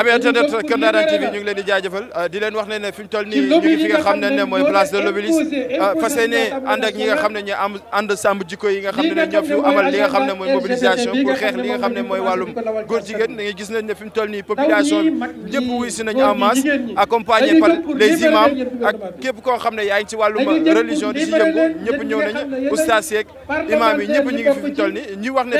amee internet Kër Ndanane TV ñu ngi leen di jaajëfal uh, wax ne ne fi mu ñu ngi fi nga xam ne ne mooy place de l'Obélisque uh, fas yéene ànd ak ñi nga xam ne ñu am ànd sàmm nga xam ne ne ñoo fi amal nga xam ne mooy mobilisation pour xeex li nga xam ne mooy wàllum góor jigéen da gis ne fi mu population bi wuy si nañu en masse accompagné par les imams ak képp xam ne yaa ngi ci religion di si yëngu ñëpp ñëw ñu ngi fi ñu wax ne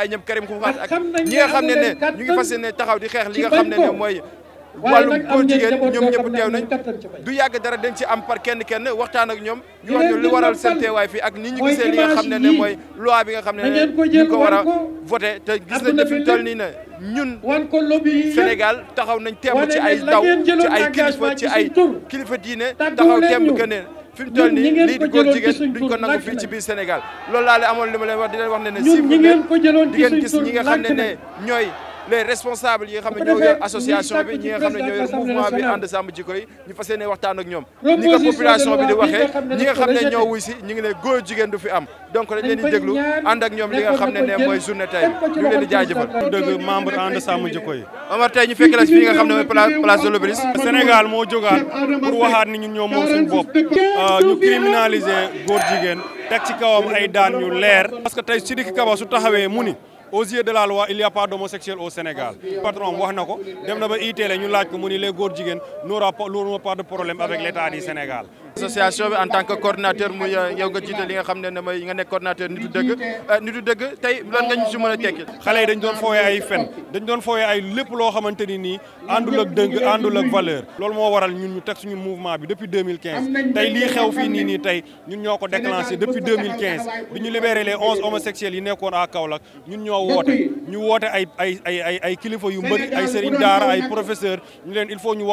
ay ñëm Karim Khoufaat taxaw di xeex li nga xam ne ne mooy wàllum góor jigéen ñoom ñëpp teew nañ du yàgg dara dañ ci am par kenn kenn waxtaan ak ñoom ñu wax ñu li waral seen teewaay fii ak ni ñu gisee li nga xam ne ne mooy loi bi nga xam ne ne ko war a voté te gis nañ ne fi ñun Sénégal taxaw nañ teem ci ay ndaw ci ay kilifa ci ay kilifa diine taxaw teem que ne fi mu toll nii lii di góor jigéen duñ ko nangu fii ci biir Sénégal loolu amoon li ma leen wax di leen wax ne ne si di ngeen nga xam ne ne ñooy les responsable yi nga xam ne ñoo yor association bi ñi nga xam ne ñoo yor mouvement bi ànd sàmm jikko yi ñu fas waxtaan ak ñoom ñi nga population bi di waxee ñi nga xam ne ñoo wuy si ñu ngi ne góor jigéen du fi am donc dañ ni di déglu ànd ak ñoom li nga xam ne ne mooy journée tey ñu ngi leen di jaajëfal dëgg membre ànd sàmm jikko yi Omar tey ñu fekk la fi nga xam ne place de l'Obélisque Sénégal moo jógaat pour waxaat ni ñun ñoo moom suñu bopp ah, ñu criminaliser góor jigéen teg ci kawam ay daan yu leer parce que tey Sidiki Kaba su taxawee mu ni aux yeux de la loi il n'y a pas d'homosexuel au Sénégal patron wax na ko dem na ba itélé ñu laaj ko mu ni les góor jigéen n'aura pas de problème avec l'État du Sénégal association bi en tant que coordinateur muy euh, yow nga jiite li nga xam ne ne mooy nga nekk coordinateur nitu dëgg euh, nitu dëgg tey lan nga ñu si mën a tekki xale yi dañ doon fooyee ay fen dañ doon fooyee ay lépp loo xamante ni nii àndul ak dëgg àndul ak valeur loolu moo waral ñun ñu teg ñu mouvement bi depuis 2015 tey lii xew fii nii nii tey ñun ñoo ko déclenché depuis 2015 bi ñu libéré les onze homosexuels yi nekkoon à Kaolack ñun ñoo woote ñu woote ay ay ay ay kilifa yu mbëri ay sëriñ daara ay professeur ñu leen il faut ñu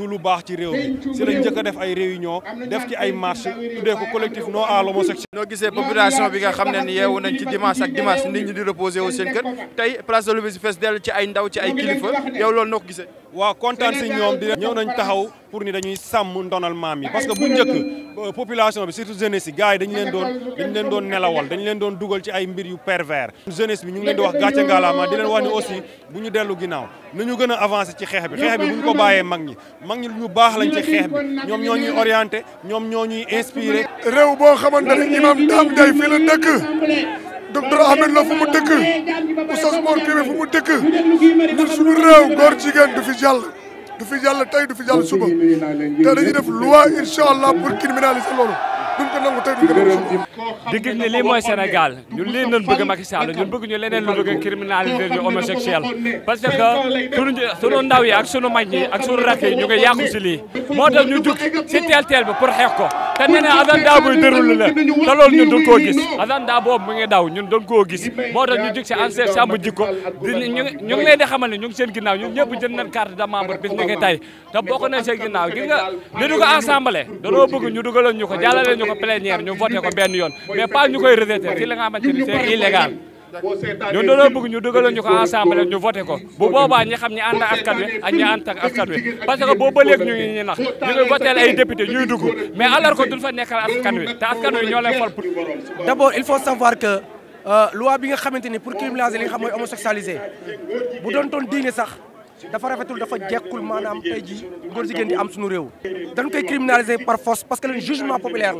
du lu baax ci réew mi si lañ njëkk a def ay réunion def ci ay marche tuddee ko collectif non à l'homosexualité noo gisee population bi nga xam ne ni yeewu nañ ci dimanche ak dimanche nit ñi di reposé wu seen kër tey place de l'Obélisque fees dell ci ay ndaw ci ay kilifa yow loolu noo ko gisee waaw kontaan si ñoom di ñëw nañ taxaw pour ni dañuy sàmm ndonal maam yi parce que bu njëkk euh, population bi surtout jeunesse yi gars yi dañu leen doon dañu leen doon nelawal dañu leen doon dugal ci ay mbir yu pervers jeunesse bi ñu ngi leen di wax gàcce ngaalaama di leen wax ni aussi bu ñu dellu ginnaaw nañu gën avancé ci xeex bi xeex bi bu ñu ko bàyyee mag ñi mag ñi ñu baax lañ ci xeex bi ñoom ñoo ñuy orienté ñoom ñoo ñuy inspiré réew boo xamante ne imam Dame Ndiaye fii la dëkk docteur Ahmed la fu mu dëkk oustaz Mor Kébé fu mu dëkk ñun suñu réew góor jigéen du fi jàll du fi jàll tey du fi jàll suba te dañuy def loi incha allah pour criminaliser loolu duñ ko nangu tey duñ ko nangu di gis ni lii mooy Sénégal ñun lii nañ bëgg Macky Sall ñun bëgg ñu leneen lu bëgg criminaliser ñu homosexuel parce que sunu sunu ak sunu mag ñi ak sunu rakk ñu ngi yàqu si lii moo tax ñu jug si teel teel bi pour xeex te nee na Assane Dia buy déroulé la te loolu ñun doon koo gis Assane Dia boobu mu ngi daw ñun doon koo gis moo tax ñu jug si ANCAR sàmm jikko di ñu ñu ngi leen di xamal ne ñu ngi seen ginnaaw ñun ñëpp jënd du ko benn yoon ci li nga xamante ñun dañoo bëgg ñu dëggaloo ñu ko ensemble ñu voté ko bu boobaa ñi xam ñi ànd ak askan parce que boobu ba léegi ñu ngi ñuy nax ñu ngi voté ay député ñuy dugg mais alors que duñ fa nekkal askan wi te askan ñoo lay fal pour d'abord il faut savoir que euh, loi bi nga xamante ni pour criminaliser li nga xam mooy bu doon toon diine sax dafa rafetul dafa jekkul maanaam tey ji góor jigéen di am suñu réew dañ koy criminaliser par force parce que le jugement populaire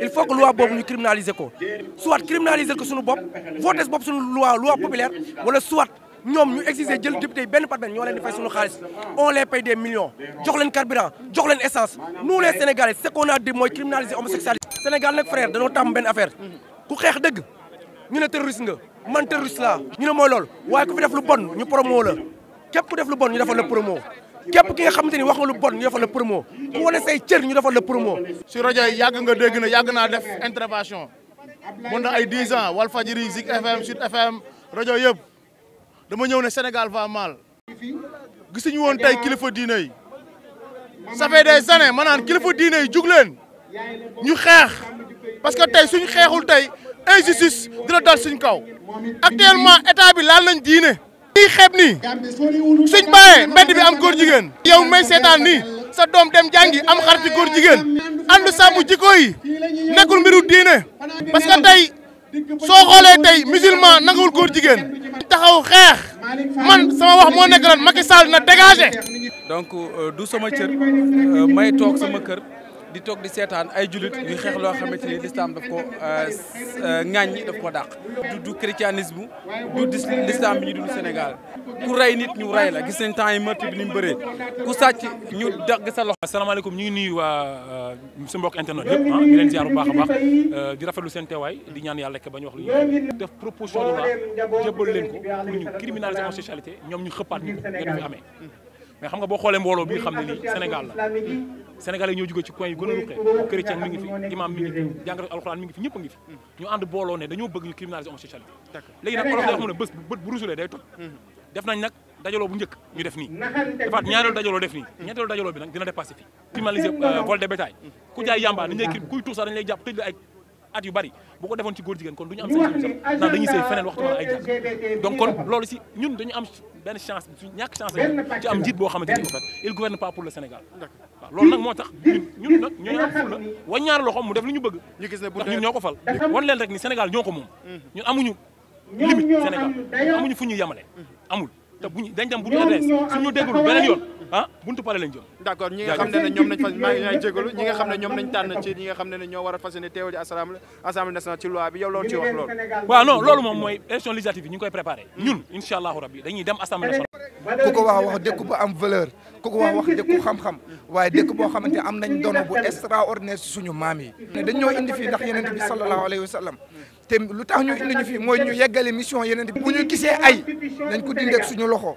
il faut que loi boobu ñu criminaliser ko soit criminaliser ko suñu bopp voté bopp suñu loi loi populaire wala soit ñoom ñu exiger jël député yi benn par benn ñoo leen di fay suñu xaalis on les paye des millions jox leen carburant jox leen essence nous les sénégalais ce qu'on a dit mooy criminaliser homosexualité Sénégal nag frère dañoo tàmm benn affaire ku xeex dëgg ñu ne terroriste nga man terroriste laa ñu ne mooy lool waaye ku fi def lu bon ñu képp ku def lu ñu defal la promo képp ki nga xamante ni wax nga lu bon ñu defal la promo ku wane say cër ñu defal la promo. si rajo yi yàgg nga dégg na yàgg naa def intervention mun na ay 10 ans Walfadjri Zik FM Sud FM rajo yëpp dama ñëw ne Sénégal va mal. gisuñu woon tey kilifa diine yi ça fait des années ma kilifa diine yi jug ñu xeex parce que tey suñ xeexul tey injustice dina dal suñ kaw actuellement état bi laal nañ diine. lii xeeb nii suñ bàyyee mbedd bi am góor jigéen yow may seetaan nii sa doom dem jàngi am bi góor jigéen ànd sàmm jikko yi nekkul mbiru diine parce que tey soo xoolee tey musulman nangawul góor jigéen taxaw xeex man sama wax moo nekk lan Macky Sall na dégagé donc euh, du sama cër euh, may toog sama kër di toog di seetaan ay julit yu xeex loo xamante ni lislaam daf ko euh, euh, ŋàññi daf ko dàq. du du christianisme du lislaam bi ñu dund Sénégal ku rey nit ñu rey la gis nañ temps yi meurtre bi ni mu bëree ku sàcc ñu dagg sa loxo. asalaamaaleykum ñu ngi nuyu waa euh, su mbokk internet yëpp ah di leen ziar bu baax a baax di rafetlu seen teewaay di ñaan yàlla rek ba ñu wax lu ñu def proposition de loi jébbal leen ko pour ñu criminaliser homosexualité ñoom ñu xëppaat ñu ko ngeen fi amee. mais xam nga boo xoolee mbooloo bi xam ne nii Sénégal la Sénégal ñoo jóge ci coin yu gën a ruqee mi ngi fi imam alxuraan mi ngi fi ñëpp ngi fi ñu ànd booloo ne dañoo bëgg ñu criminaliser homosexualité léegi nag olof ne bés bu rusulee day toj def nañ nag dajaloo bu njëkk ñu def nii defaat ñaareelu dajaloo def nii ñetteelu dajaloo bi nag dina dépassé fii criminaliser euh, de bétail ku jaay yamba dañ lay kuy tuux sax dañ lay tëj la ay at yu bari bu ko defoon ci góor jigéen kon du ñu am seen ndax dañuy sëy feneen waxtu wala ay jàkk donc kon loolu si ñun dañu am benn chance suñ ñàkk chance la am njiit boo xamante ni en loolu nag moo tax ñun nag ñoo am fulla waññaar loxo mu def li ñu bëgg ñu gis ne bu ñun ñoo ko fal wan leen rek ni Sénégal ñoo ko moom mm-hmm. ñun amuñu limite Sénégal amuñu fu ñuy yemale mm-hmm. amul te buñu dañ dem bu ñu adresse suñu déggul beneen yoon ah buntu pale lañ jëm d' ñi nga xam ne ne ñoom nañ fas maa ngi ñi nga xam ne ñoom nañ tànn ci a fas yéene teew ji assemblée ci loi bi yow loolu ci wax loolu waaw non loolu moom mooy élection législative yi ñu koy préparé ñun incha allahu rabbi dañuy dem assemblée nationale ku ko wax wax dëkk bu am valeur ku ko wax wax dëkk xam-xam waaye dëkk boo xamante am nañ dono bu extraordinaire si suñu maam yi dañ ñoo indi fii ndax yeneen bi sallallahu alayhi wa te lu tax ñu indi ñu fii mooy ñu yeggale mission yeneen bi bu ñu gisee loxo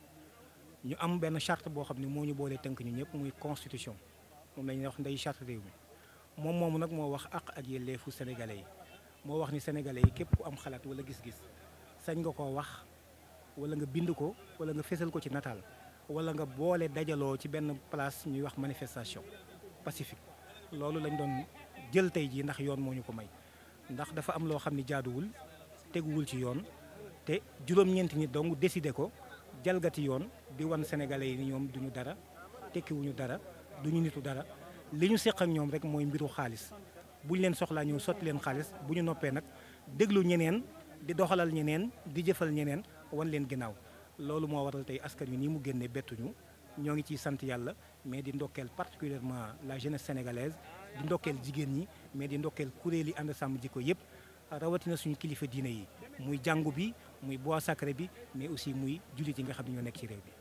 ñu am benn charte boo xam ne moo ñu boolee tënk ñu ñëpp muy constitution moom la wax ndey charte réew mi moom moomu nag moo wax àq ak yelleefu sénégalais yi moo wax ni sénégalais yi képp ku am xalaat wala gis-gis sañ nga ko wax wala nga bind ko wala nga fésal ko ci nataal wala nga boole dajaloo ci benn place ñuy wax manifestation pacifique loolu lañ doon jël tey jii ndax yoon moo ñu ko may ndax dafa am loo xam ne jaaduwul teguwul ci yoon te juróom nit dong décider ko jalgati yoon di wan sénégalais yi ni ñoom duñu dara tekkiwuñu dara duñu nitu dara li ñu seq ak ñoom rek mooy mbiru xaalis bu ñu leen soxlaa ñëw sotti leen xaalis bu ñu noppee nag déglu ñeneen di doxalal ñeneen di jëfal ñeneen wan leen ginnaaw loolu moo waral tey askan wi nii mu génnee bettuñu ñoo ngi ciy sant yàlla mais di ndokkeel particulièrement la jeunesse sénégalaise di ndokkeel jigéen ñi mais di ndokkeel kuréel yi ànd sàmm ji ko yëpp rawatina suñu kilifa diine yi muy jàngu bi muy bois sacré bi mais aussi muy jullit yi nga xam ñoo nekk ci réew bi